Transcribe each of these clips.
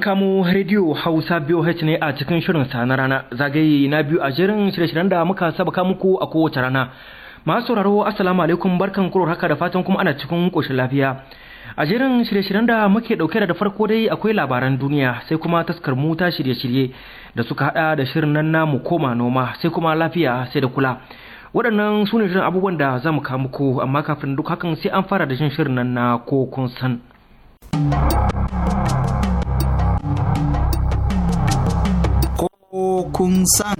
An kamo rediyo Hausa BOH ne a cikin shirin sa na rana zagaye na biyu a jirin shirye-shiryen da muka sabaka muku a kowace rana. Masu sauraro asalamu alaikum barkan kuro haka da fatan kuma ana cikin koshin lafiya. A jerin shirye-shiryen da muke ɗauke da farko dai akwai labaran duniya sai kuma taskar mu ta shirye-shirye da suka hada da shirin nan namu koma noma sai kuma lafiya sai da kula. Waɗannan su ne shirin abubuwan da za mu kawo muku amma kafin duk hakan sai an fara da shirin nan na ko kun san. ko kun san.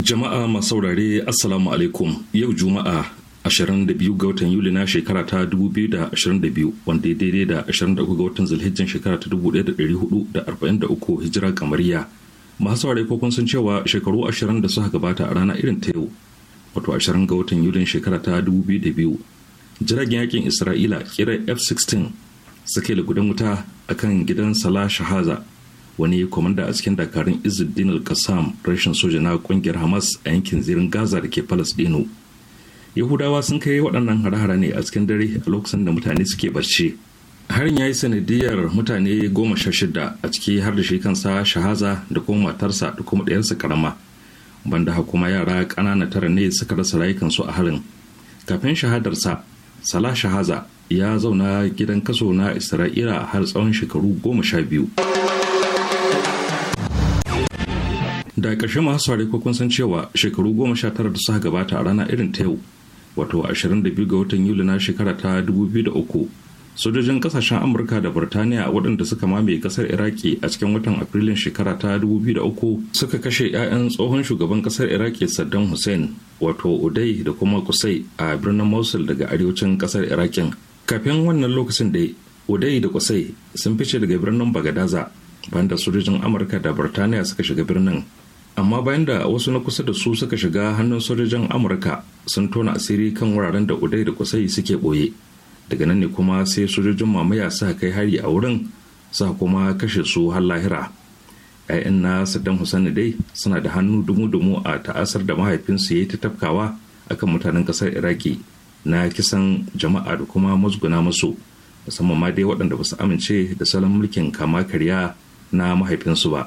Jama'a masu saurare Assalamu alaikum yau Juma'a 22 ga watan Yuli na shekara ta 2022 wanda ya daidai da 23 ga watan zulhijjin shekara ta 1443 hijira kamariya. Masu saurare ko kun san cewa shekaru 20 da suka gabata a rana irin ta yau wato 20 ga watan Yulin shekara ta 2002 jiragen yakin Isra'ila kira F-16 suka yi gudan wuta a kan gidan sala shahaza wani kwamanda a cikin dakarun izuddin al-qassam rashin soja na kungiyar hamas a yankin zirin gaza da ke palestino yahudawa sun kai waɗannan hare-hare ne a cikin dare a lokacin da mutane suke barci harin ya yi sanadiyar mutane goma sha shida a ciki har da shi kansa shahaza da kuma matarsa da kuma ɗayarsa karama banda kuma yara ƙanana tara ne suka rasa rayukansu a harin kafin shahadarsa sala shahaza ya zauna gidan kaso na isra'ila har tsawon shekaru goma sha biyu da ƙarshe masu saurari kun san cewa shekaru goma sha tara da suka gabata a rana irin ta yau wato 22 ga watan yuli na shekara ta 2003 sojojin kasashen amurka da burtaniya waɗanda suka mamaye ƙasar iraki a cikin watan afrilun shekara ta 2003 suka kashe 'ya'yan tsohon shugaban ƙasar iraki saddam hussein wato udai da kuma kusai a birnin mosul daga arewacin ƙasar irakin kafin wannan lokacin da udai da kusai sun fice daga birnin bagadaza bayan da sojojin amurka da birtaniya suka shiga birnin amma bayan da wasu na kusa da su suka shiga hannun sojojin amurka sun tona asiri kan wuraren da udai da kusai suke ɓoye daga nan ne kuma sai sojojin mamaya suka kai hari a wurin suka kuma kashe su har lahira 'ya'yan na saddam hussein dai suna da hannu dumu-dumu a ta'asar da mahaifinsu ya yi ta tafkawa akan mutanen ƙasar iraki na kisan jama'a da kuma musguna masu musamman ma dai waɗanda ba su amince da salon mulkin kama karya na mahaifinsu ba.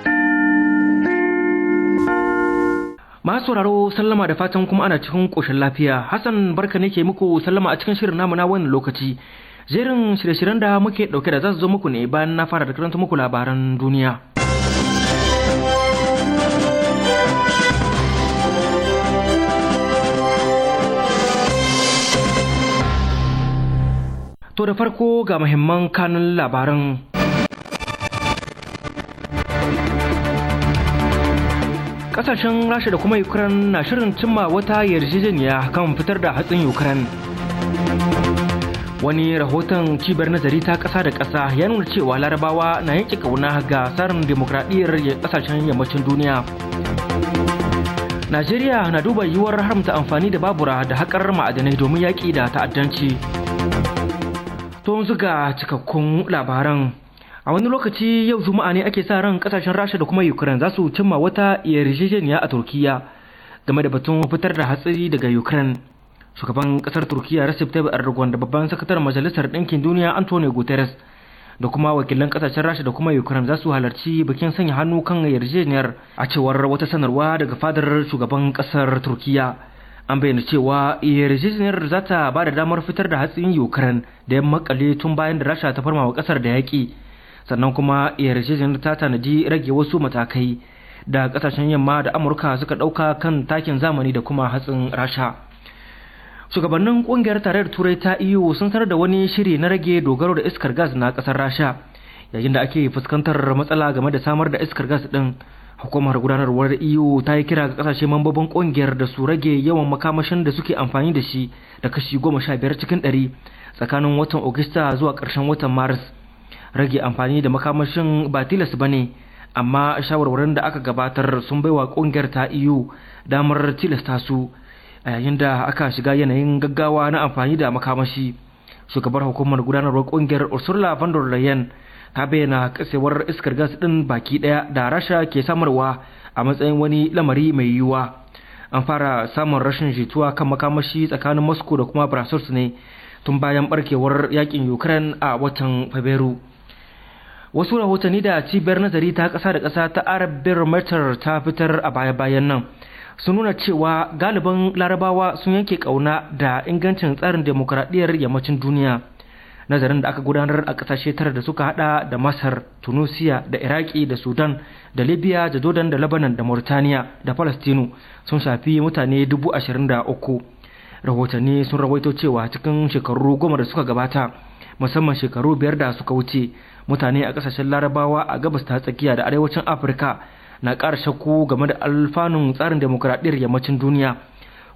Masu sauraro sallama da fatan kuma ana cikin ƙoshin lafiya. Hassan barka ne muku sallama a cikin shirin namu na wannan lokaci. Jerin shirye-shiryen da muke ɗauke da za su zo muku ne bayan na fara da karanta muku labaran duniya. To da farko ga muhimman kanun labaran kasashen rasha da kuma ukraine na shirin cimma wata yarjejeniya kan fitar da hatsin ukraine wani rahoton cibiyar nazari ta ƙasa da ƙasa ya nuna cewa larabawa na yanke ƙauna ga tsarin demokradiyyar ƙasashen yammacin duniya najeriya na duba yiwuwar haramta amfani da babura da haƙar ma'adanai domin yaƙi da ta'addanci to yanzu cikakkun labaran a wani lokaci yau juma'a ne ake sa ran kasashen rasha da kuma ukraine za su cimma wata yarjejeniya a turkiya game da batun fitar da hatsari daga ukraine shugaban kasar turkiya recep tayyip erdogan da babban sakataren majalisar ɗinkin duniya antony guterres da kuma wakilan kasashen rasha da kuma ukraine za su halarci bikin sanya hannu kan yarjejeniyar a cewar wata sanarwa daga fadar shugaban kasar turkiya an bayyana cewa yarjejeniyar za ta ba da damar fitar da hatsin ukraine da ya makale tun bayan da rasha ta farma wa kasar da yaƙi sannan kuma yarjejeniyar ta tanadi rage wasu matakai da kasashen yamma da amurka suka dauka kan takin zamani da kuma hatsin rasha shugabannin kungiyar tarayyar turai ta iyo e sun sanar da wani shiri na rage dogaro da iskar gas na kasar rasha yayin da ake fuskantar matsala game da samar da iskar gas din hukumar gudanarwar iyo e ta yi kira ga kasashe mambobin kungiyar da su rage yawan makamashin da suke amfani da shi da kashi goma sha biyar cikin ɗari tsakanin watan Agusta zuwa karshen watan Maris rage amfani da makamashin ba tilas ba ne amma shawarwarin da aka gabatar sun baiwa kungiyar ta iyo e damar tilasta su a yayin da aka shiga yanayin gaggawa na amfani da makamashi shugabar hukumar gudanarwar kungiyar Ursula von der Leyen ta bayyana kasewar iskar gas din baki daya da Rasha ke samarwa a matsayin wani lamari mai yiwuwa an fara samun rashin jituwa kan makamashi tsakanin Moscow da kuma Brussels ne tun bayan barkewar yakin Ukraine a watan Fabrairu wasu rahotanni da cibiyar nazari ta ƙasa da ƙasa ta arab barometer ta fitar a baya-bayan nan sun nuna cewa galiban larabawa sun yanke ƙauna da ingancin tsarin demokuraɗiyyar yammacin duniya nazarin da aka gudanar a ƙasashe tara da suka hada da masar tunisia da iraki da sudan da libya da jordan da lebanon da mauritania da palestino sun shafi mutane dubu ashirin da uku rahotanni sun rawaito cewa cikin shekaru goma da suka gabata musamman shekaru biyar da suka wuce mutane a kasashen larabawa a gabas ta tsakiya da arewacin afirka na ƙara shakku game da alfanun tsarin demokuraɗiyyar yammacin duniya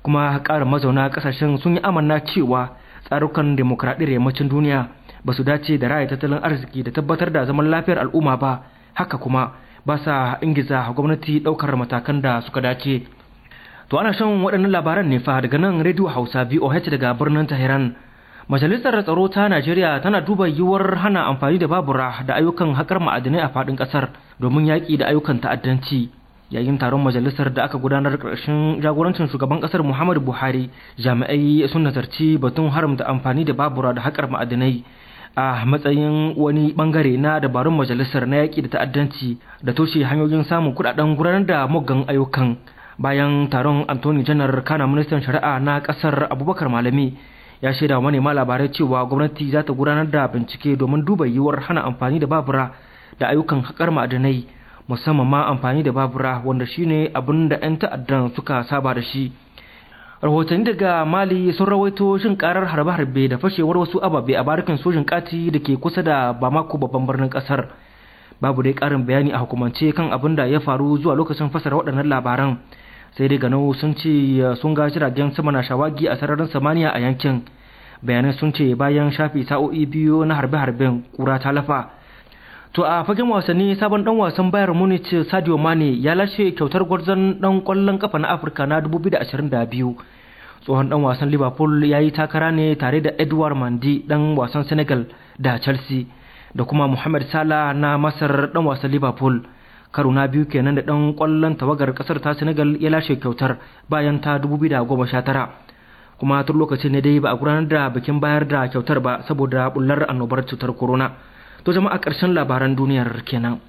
kuma ƙara mazauna kasashen sun yi amanna cewa tsarukan demokuraɗiyyar yammacin duniya ba su dace da raya tattalin arziki da tabbatar da zaman lafiyar al'umma ba haka kuma ba sa ingiza gwamnati ɗaukar matakan da suka dace To ana shan waɗannan labaran ne fa daga nan Radio Hausa VOH daga birnin Tehran. Majalisar Tsaro ta Najeriya tana duba yiwuwar hana amfani da babura da ayyukan haƙar ma'adinai a faɗin ƙasar domin yaƙi da ayyukan ta'addanci. Yayin taron majalisar da aka gudanar ƙarshen jagorancin shugaban ƙasar Muhammadu Buhari, jami'ai sun nazarci batun haramta amfani da babura da haƙar ma'adinai a matsayin wani bangare na dabarun majalisar na yaƙi da ta'addanci da toshe hanyoyin samun kuɗaɗen gudanar da muggan ayyukan. bayan taron antoni janar kana ministan shari'a na kasar abubakar malami ya shaida manema labarai cewa gwamnati za ta gudanar da bincike domin duba yiwuwar hana amfani da babura da ayyukan haƙar ma'adanai musamman ma amfani da babura wanda shine abin da 'yan ta'addan suka saba da shi rahotanni daga mali sun rawaito shin karar harbe-harbe da fashewar wasu ababe a barikin sojin kati da ke kusa da bamako babban birnin kasar babu dai karin bayani a hukumance kan abin da ya faru zuwa lokacin fasara waɗannan labaran sai dai ganau sun ce sun ga jiragen sama na shawagi a sararin samaniya a yankin bayanan sun ce bayan shafi sa'o'i biyu na harbe-harben kura ta lafa to a fagen wasanni sabon dan wasan bayar munich sadio mane ya lashe kyautar gwarzon dan kwallon kafa na afirka na 2022 tsohon dan wasan liverpool ya yi takara ne tare da edward mandi dan wasan senegal da chelsea da kuma muhammad salah na masar dan wasan liverpool karo na biyu kenan da dan kwallon tawagar kasar ta Senegal ya lashe kyautar bayan ta 2019 kuma tun lokacin ne dai ba a gudanar da bikin bayar da kyautar ba saboda bullar annobar cutar corona to jama'a karshen labaran duniyar kenan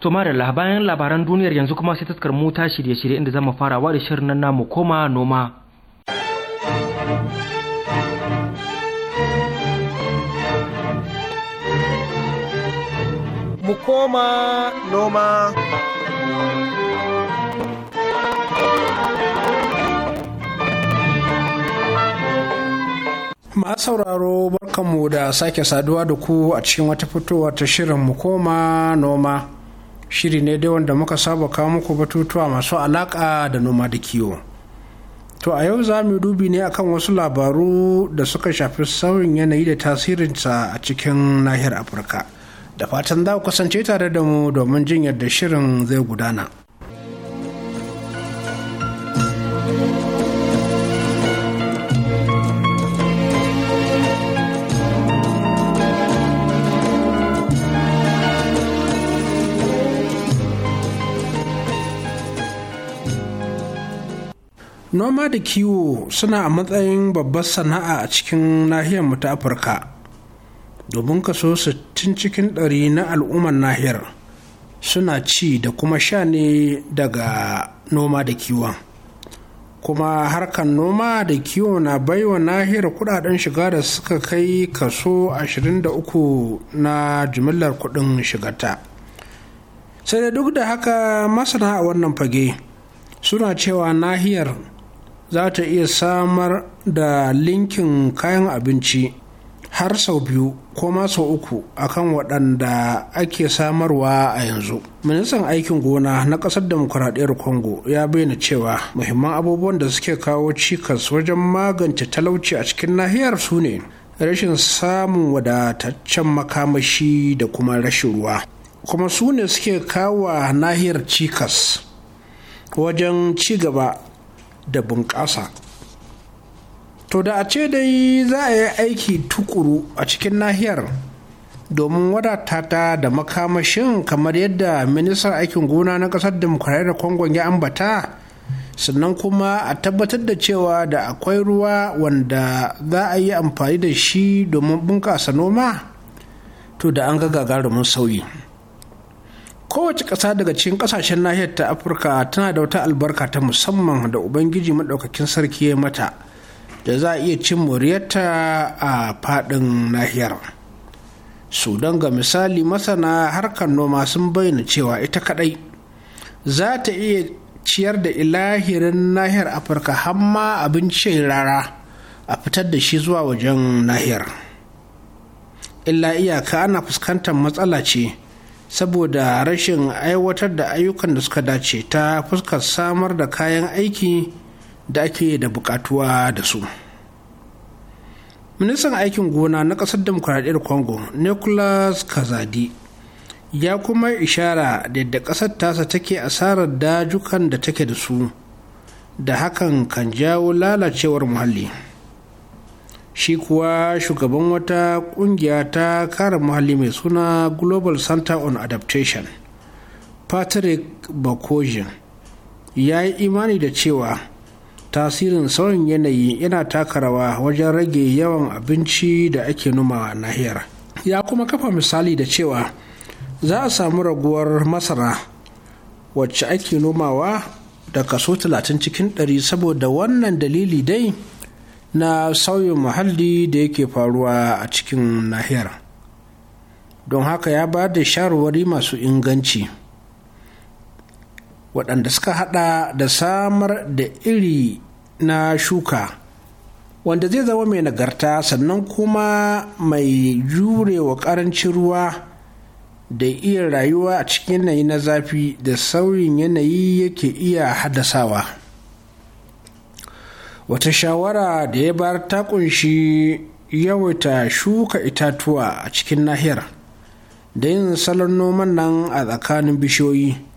To da bayan labaran duniyar yanzu kuma sai taskar mu ta shirye-shirye inda zama farawa da shirin nan namu koma noma. mu koma noma. Masu sauraro barkanmu da sake saduwa da ku a cikin wata fitowa ta shirin mu koma noma. Shiri ne dai wanda muka saba kawo muku batutuwa masu alaƙa da noma da kiwo. To a yau za mu dubi ne akan wasu labaru da suka shafi sauyin yanayi da tasirinsa a cikin nahiyar Afirka. da fatan za ku kasance tare da mu domin jin yadda shirin zai gudana. noma da kiwo suna a matsayin babbar sana'a a cikin nahiyar mu ta afirka domin kaso 60 cikin ɗari na al'ummar nahiyar suna ci da kuma sha ne daga noma da kiwon kuma harkar noma da kiwo na baiwa nahiyar kudaden shiga da suka kai kaso 23 na jimillar kudin shigarta sai da duk da haka masana a wannan fage suna cewa nahiyar za ta iya samar da linkin kayan abinci har sau biyu ko sau uku akan waɗanda ake samarwa a yanzu ministan aikin gona na ƙasar demokuraɗiyar congo ya bayyana cewa muhimman abubuwan da suke kawo cikas wajen magance talauci a cikin nahiyar su ne rashin samun wadataccen makamashi da kuma rashin ruwa kuma su ne suke kawo nahiyar cikas wajen ci gaba da bunƙasa to da a ce dai za a yi aiki tukuru a cikin nahiyar domin wadata ta da makamashin kamar yadda ministan aikin gona na kasar da kongon ya ambata sannan kuma a tabbatar da cewa da akwai ruwa wanda za a yi amfani da shi domin bunkasa noma to da an ga gagarumin sauyi kowace ƙasa daga cikin ƙasashen nahiyar ta afirka tana da wata albarka ta musamman da ubangiji maɗaukakin sarki ya mata da za a iya cin muryarta a faɗin nahiyar sudan ga misali masana harkar noma sun bayyana cewa ita kadai za ta iya ciyar da ilahirin nahiyar afirka hamma abincin rara a fitar da shi zuwa wajen nahiyar illa iyaka ana fuskantar matsala ce saboda rashin aiwatar da ayyukan da suka dace ta fuskar samar da kayan aiki da ake da bukatuwa da su ministan aikin gona na ƙasar demokuraɗiyar congo nicholas kazadi ya kuma ishara da yadda ƙasar tasa take asarar dajukan da take da su da hakan kan jawo lalacewar muhalli shi kuwa shugaban wata ƙungiya ta kare muhalli mai suna global center on adaptation patrick bakojin ya yi imani da cewa tasirin sauyin yanayi yana taka rawa wajen rage yawan abinci da ake noma a nahiyar ya kuma kafa misali da cewa za a samu raguwar masara wacce ake nomawa da kaso 30 cikin 100 saboda wannan dalili dai na sauyin muhalli da yake faruwa a cikin nahiyar don haka ya ba da shawarwari masu inganci waɗanda suka haɗa da samar da iri na shuka wanda zai zama mai nagarta sannan kuma mai jurewa ƙarancin ruwa da iya rayuwa a cikin yanayi na zafi da sauyin yanayi yake iya haddasawa wata shawara da ya bar ta kunshi yawaita shuka itatuwa a cikin nahiyar da yin salon noman nan a tsakanin bishiyoyi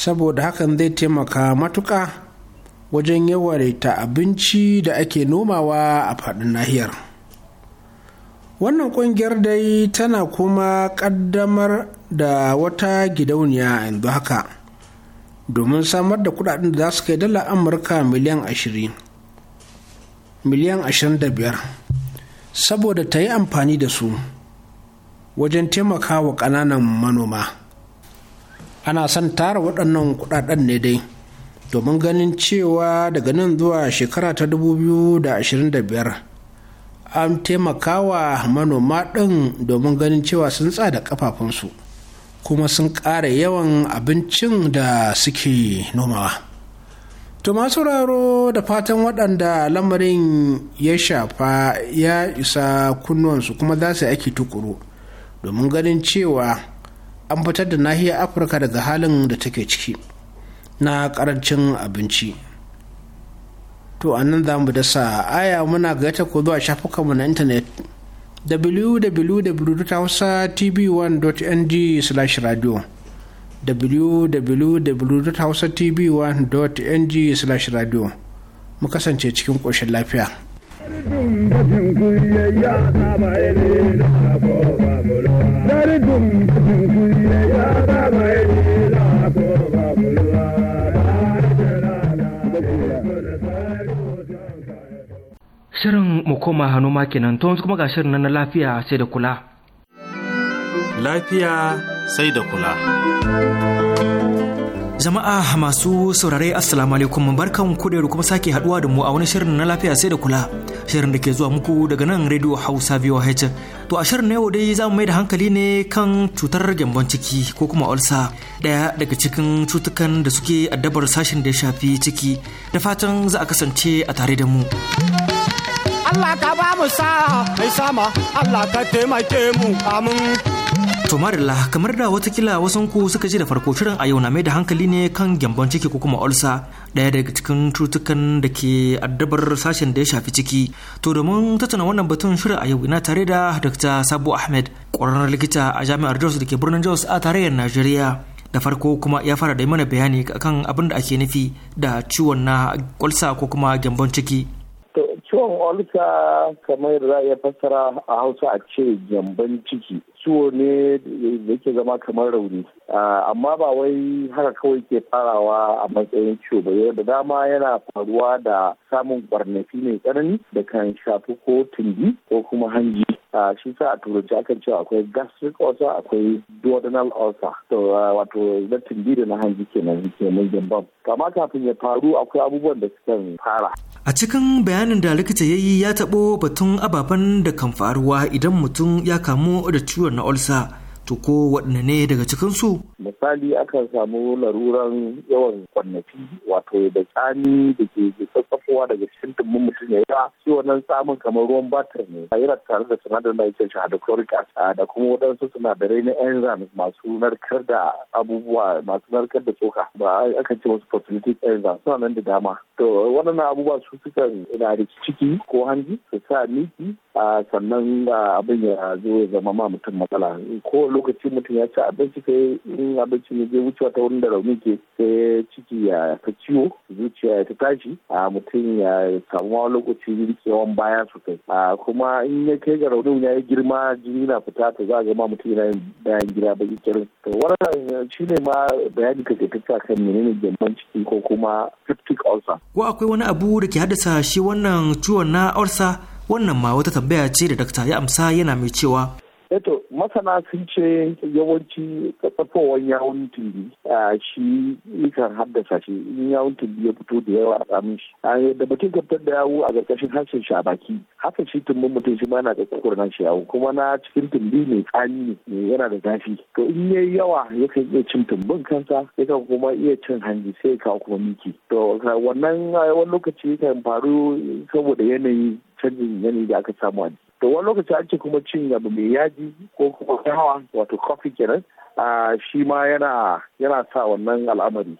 saboda hakan zai taimaka matuƙa wajen yawaita abinci da ake nomawa a faɗin nahiyar wannan ƙungiyar dai tana kuma ƙaddamar da wata gidauniya yanzu haka domin samar da kudaden da za su kai dala amurka miliyan 20 miliyan 25 saboda ta yi amfani da su wajen taimaka wa ƙananan manoma ana son tara waɗannan kuɗaɗen ne dai domin ganin cewa daga nan zuwa shekara ta 2025 an taimakawa manoma ɗin domin ganin cewa sun tsada kafafunsu kuma sun ƙara yawan abincin da suke nomawa. To masu raro da fatan waɗanda lamarin ya shafa ya isa kunnuwansu kuma za su aiki tukuru domin ganin cewa an fitar da nahiyar afirka daga halin da take ciki na karancin abinci to a nan za mu dasa aya muna gayyata ko zuwa shafukanmu na intanet www.hausatv1.ng slash radio www.hausatv1.ng slash radio mu kasance cikin ƙoshin lafiya Shirin mu koma hannu ma kenan to kuma ga shirin na lafiya sai da kula. Lafiya sai da kula. Jama'a masu saurare Assalamu alaikum barkan ku da kuma sake haduwa da mu a wani shirin na lafiya sai da kula shirin da ke zuwa muku daga nan Radio Hausa VOH. To a shirin na yau dai za mu mai da hankali ne kan cutar gyambon ciki ko kuma ulsa daya daga cikin cutukan da suke addabar sashen da ya shafi ciki da fatan za a kasance a tare da mu. Allah ka ba mu sa mai sama Allah ka taimake mu amin To marilla kamar da watakila wasan ku suka ji da farko shirin a yau na mai da hankali ne kan gyambon ciki ko kuma olsa daya daga cikin cutukan da ke addabar sashen da ya shafi ciki. To domin tattauna wannan batun shirin a yau ina tare da Dr. Sabo Ahmed ƙwararren likita a jami'ar Jos da ke birnin Jos a tarayyar Najeriya. Da farko kuma ya fara da mana bayani kan abin da ake nufi da ciwon na olsa ko kuma gyambon ciki. ciwon olsa kamar da za a iya fassara a hausa a ce gyambon ciki ciwo ne da yake zama kamar rauni ah, amma ba wai haka kawai ke farawa a matsayin ciwo ba yau da dama yana faruwa da samun kwarnafi mai tsanani da kan shafi ko tumbi ko kuma hanji a ah, shi sa a turanci akan cewa akwai gastric ulcer akwai duodenal ulcer to ah, wato na tumbi da na hanji kenan ke mai jambam kama kafin ya faru akwai abubuwan da suka fara a cikin bayanin da likita ya yi ya taɓo batun ababen da kan faruwa idan mutum ya kamu da ciwon ciwon na olsa to ko waɗanne ne daga cikinsu? Misali akan samu laruran yawan kwanaki wato da tsani da ke tsatsafowa daga cikin dumbin mutum ya yawa ciwon nan samun kamar ruwan batir ne a yana tare da sinadarin da ake shahada chloric acid da kuma waɗansu sinadarai na enzyme masu narkar da abubuwa masu narkar da tsoka ba akan ce wasu phosphatic enzyme suna nan da dama to waɗannan abubuwa su sukan na da ciki ko hanji su sa miki sannan abin ya zo ya zama ma mutum matsala ko lokaci mutum ya ci abinci sai in abinci ne zai wucewa ta wurin da rauni ke sai ciki ya ta ciwo zuciya ya ta tashi a mutum ya samu ma lokaci rikewan baya sosai a kuma in ya kai ga raunin ya yi girma jini na fita ta za a ga ma mutum yana bayan gida baki kirin to wannan shi ne ma bayani ka ke tafiya kan menene gyamban ciki ko kuma cystic ulcer ko akwai wani abu da ke haddasa shi wannan ciwon na ulcer wannan ma wata tambaya ce da dakta ya amsa yana mai cewa eto masana sun ce yawanci tsafowar yawon tumbi a shi yakan haddasa shi in yawon tumbi ya fito da yawa a tsamin shi da mutum kaftar da yawo a ƙarƙashin harshen shi a baki haka shi tumbin mutum shi ma yana da tsakuwar shi yawo kuma na cikin tumbi mai tsani ne yana da zafi to in yayi yawa ya kan iya cin tumbin kansa yakan kuma iya cin hanji sai ya kawo kuma miki to wannan wani lokaci kan faru saboda yanayi canjin yanayi da aka samu a to wani lokaci an ce kuma cin abu mai yaji ko kuma hawa wato coffee kenan shi ma yana yana sa wannan al'amari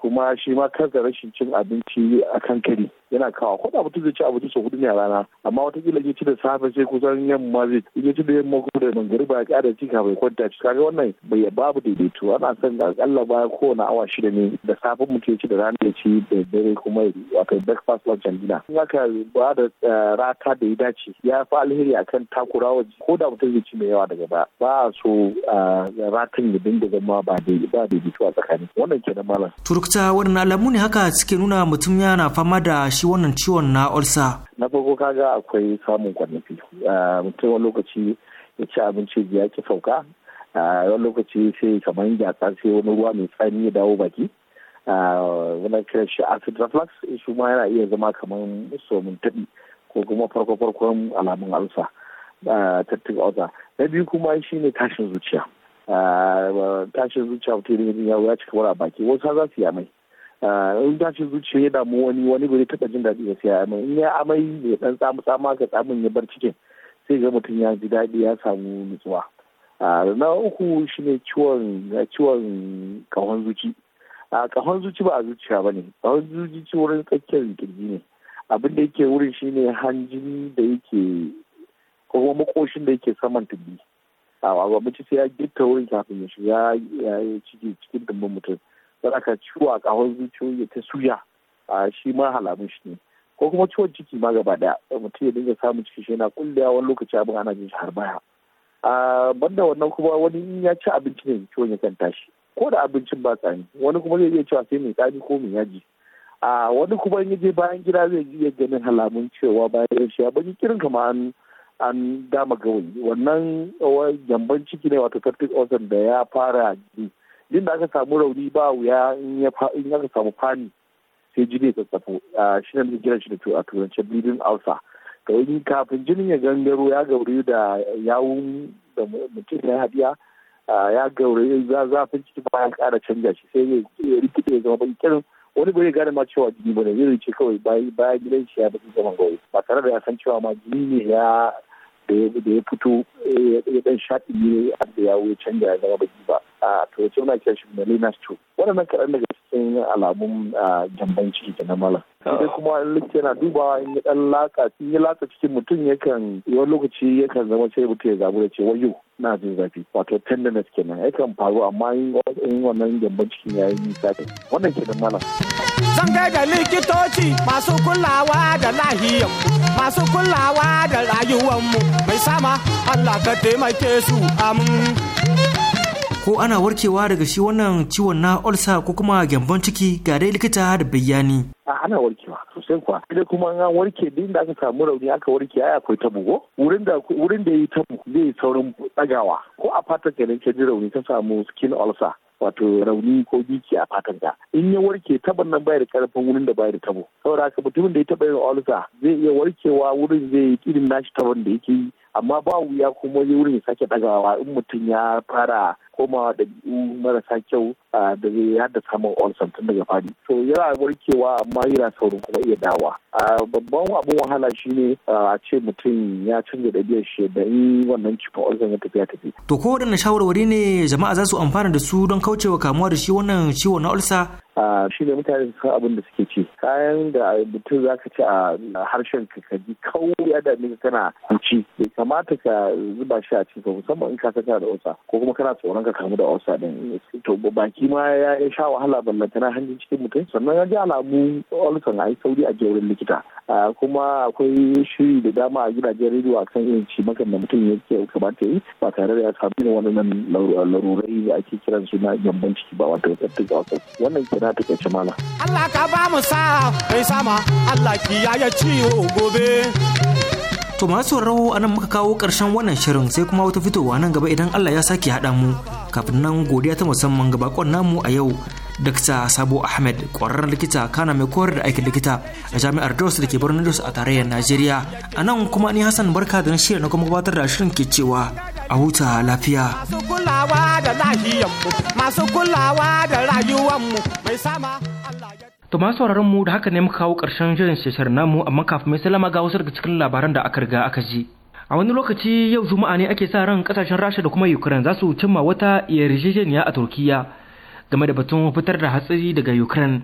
kuma shi ma da rashin cin abinci a kan kari yana kawo ko da mutum zai ci abinci sau hudu ne a rana amma kila ya ci da safe sai kusan yamma zai ya ci da yamma kuma da ba ya kada ci kafin kwanta ci kaga wannan bai babu daidaito ana son akalla ko na awa shida ne da safe mutum ya ci da rana ya ci da dare kuma kai breakfast lunch and dinner in aka ba da rata da ya dace ya fi alheri akan takurawa ko da mutum zai ci mai yawa daga ba ba so rata kan ya dinga zama ba ba daidaito a tsakanin wannan kenan malam. turkta wani alamu ne haka suke nuna mutum na fama da shi wannan ciwon na ulsa. na farko kaga akwai samun kwanafi ah, mutum wani lokaci ya ci abinci ya ki sauka ah, wani lokaci sai kamar ya sai wani ruwa mai tsani ya dawo baki ah, wani kiran shi acid reflux shi ma yana iya zama kamar somin taɓi ko kuma farko-farkon alamun alsa tattaka oza na biyu kuma shi ne tashin zuciya Eh, tashin zuciya mutum ne jin yawo ya cika wani a baki wasu za su yi amai eh, in tashin zuciya ya damu wani wani bai taɓa jin daɗi ya siya amai in ya amai mai ɗan tsamu tsamu ka tsamun ya bar cikin sai ga mutum ya ji daɗi ya samu nutsuwa eh, na uku shine ciwon ciwon kahon zuci a kahon zuci ba a zuciya ba ne kahon zuci wurin tsakiyar kirji ne abin da yake wurin shine hanjin da yake kuma makoshin da yake saman tubi mace sai ya gitta wurin kafin ya shiga ciki cikin dumbin mutum saboda ciwo a kahon ya ta suya shi ma halamun shi ne ko kuma ciwon ciki ma gaba daya mutum ya dinga samun ciki shi yana kullewa wani lokaci abin ana jin shi har baya banda wannan kuma wani in ya ci abinci ne ciwon ya kan tashi ko da abincin ba tsani wani kuma zai iya cewa sai mai tsani ko mai yaji a wani kuma in je bayan gida zai iya ganin halamun cewa bayan shi ya bari kirin kamar hannu an dama gawayi wannan gyamban ciki ne wato tartic ulcer da ya fara jini din da aka samu rauni ba wuya in aka samu fani sai jini ya tsatsafo shi ne kiran shi da a turance bleeding alsa to in kafin jinin ya gangaro ya gauri da yawun da mutum ya haɗiya ya gauri zafin ciki ba ya ƙara canja shi sai ya rikide ya zama bakin wani bai gane ma cewa jini bane zai ce kawai bayan gidan shi ya fi zaman gauri ba tare da ya san cewa ma jini ne ya da ya da ya fito eh, ya dan shaɗi ne har da ya ya canja ya zama baki ba a turanci muna kiran shi melina stew waɗannan kaɗan daga cikin alamun jambanci da na mala oh. sai kuma an likita yana dubawa in ya dan laka in ya laka cikin mutum yakan wani lokaci yakan zama sai mutum ya zabu da ce wayo na jin zafi wato tenderness kenan yakan faru amma in wannan jambanci cikin ya yi nisa wannan kenan mala. Zan kai ga likitoci masu kulawa da lahiyar masu kulawa da rayuwanmu mai sama Allah ka taimake su amin. Ko ana warkewa daga shi wannan ciwon na olsa ko kuma gyambon ciki ga dai likita da bayani. A ana warkewa sosai kuwa. Ida kuma an warke din da aka samu rauni aka warke ai akwai tabo ko wurin da wurin da yayi tabo zai saurin tsagawa ko a fata kenan ke ji rauni ta samu skin ulcer wato rauni ko biki a fatan ka in ya warke taban nan bai da karfin wurin da bai da tabo saboda haka mutumin da ya taba yin ulcer zai iya warkewa wurin zai yi irin nashi taban da yake yi amma ba wuya kuma wurin ya sake dagawa in mutum ya fara komawa da marasa kyau da zai haddasa samun olsen tun daga fari so yana warkewa amma yana saurin kuma iya dawa babban abin wahala shine a ce mutum ya canza da biyar shi da in wannan cikin olsen ya tafiya ya tafi to ko waɗannan shawarwari ne jama'a za su amfana da su don kaucewa kamuwa da shi wannan ciwon na olsa a shi da mutane su san abin da suke ci kayan da mutum za ka ci a harshen ka kaji kawai ya dame ka kana ci bai kamata ka zuba shi a cikin musamman in ka saka da osa ko kuma kana tsoron ka kamu da osa din to baki ma ya sha wahala ballantana hanyar cikin mutum sannan ya ji alamu olson a yi sauri a wurin likita kuma akwai shiri da dama a gidajen rediyo kan irin ci makan da mutum ke kamata yi ba tare da ya samu wani nan larurai da ake kiran na gyambon ciki ba wato wannan kenan ta takaice Allah ka ba mu sa mai sama Allah ya ciwo gobe. To masu sauraro anan muka kawo ƙarshen wannan shirin sai kuma wata fitowa nan gaba idan Allah ya sake haɗa mu kafin nan godiya ta musamman ga bakon namu a yau Dr. Sabo Ahmed ƙwararren likita kana mai koyar da aikin likita a jami'ar Jos da ke birnin Jos a tarayyar Najeriya. A nan kuma ni Hassan Barka da na shirya na kuma gabatar da shirin ke cewa a huta lafiya. kulawa da lahiyanmu masu kulawa da rayuwanmu mai sama To masu sauraron mu da haka ne muka kawo ƙarshen shirin sheshar namu amma kafin mai salama ga wasu daga cikin labaran da aka riga aka ji. A wani lokaci yau Juma'a ne ake sa ran kasashen Rasha da kuma Ukraine za su cimma wata yarjejeniya a turkiyya game da batun fitar da hatsari daga Ukraine.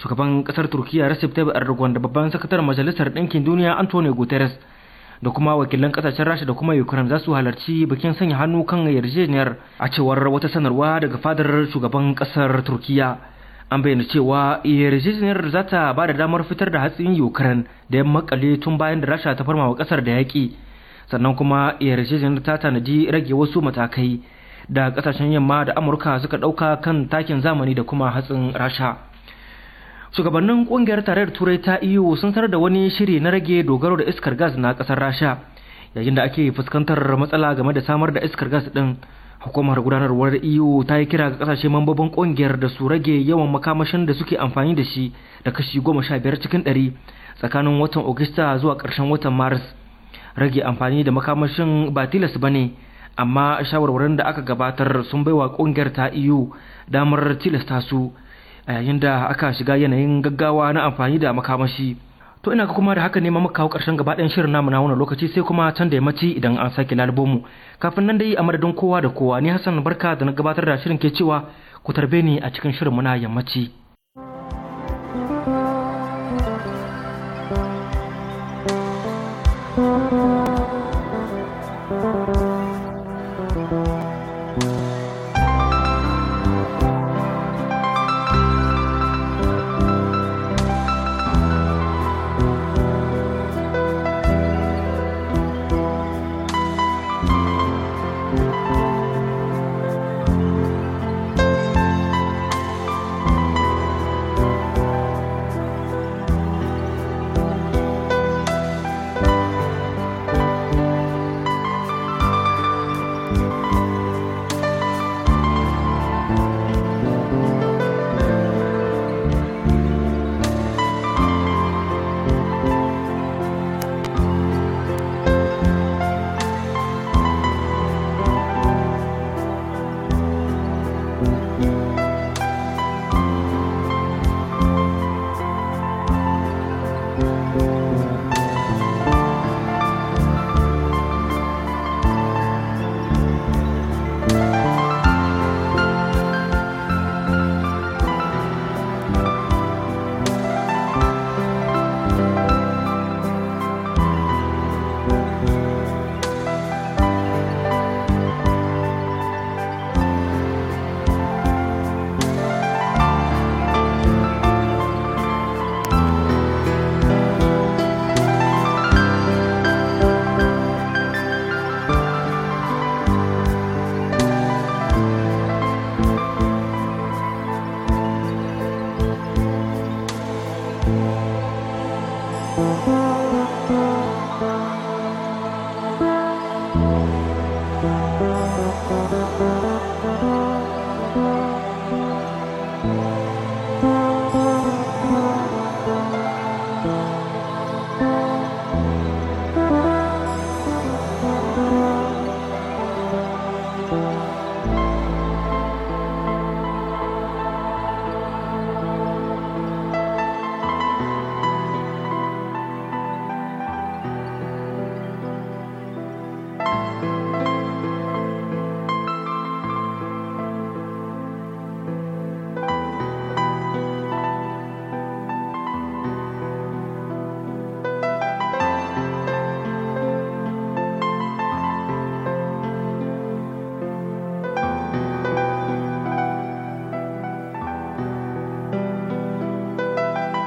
Shugaban kasar Turkiya Recep Tayyip Erdogan da babban sakataren Majalisar Ɗinkin Duniya Antonio Guterres da kuma wakilan kasashen rasha da kuma ukraine za su halarci bikin sanya hannu kan yarjejeniyar a cewar wata sanarwa daga fadar shugaban kasar turkiya an bayyana cewa yarjejeniyar za ta ba da damar fitar da hatsin ukraine da ya makale tun bayan da rasha ta farma wa kasar da yaƙi sannan kuma yarjejeniyar ta tanadi rage wasu matakai da kasashen yamma da amurka suka ɗauka kan takin zamani da kuma hatsin rasha shugabannin kungiyar tarayyar turai ta eu sun sanar da wani shiri na rage dogaro da iskar gas na kasar rasha yayin da ake fuskantar matsala game da samar da iskar gas din hukumar gudanarwar eu ta yi kira ga kasashe mambobin kungiyar da su rage yawan makamashin da suke amfani da shi da kashi goma sha biyar cikin ɗari tsakanin watan Agusta zuwa ƙarshen watan maris rage amfani da makamashin ba tilas ba ne amma shawarwarin da aka gabatar sun baiwa kungiyar ta eu damar tilasta su a yayin da aka shiga yanayin gaggawa na amfani da makamashi to ina ga kuma da haka ne ma kawo karshen gaba ɗayan shirin namu na wannan lokaci sai kuma can da yammaci idan an sake lalbomu kafin nan dai a madadin kowa da kowa ni Hassan barka da na gabatar da shirin ke cewa ku tarbe ni a cikin shirin muna yammaci